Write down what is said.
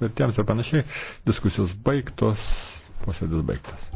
vertėms ir panašiai. Diskusijos baigtos, posėdis baigtas.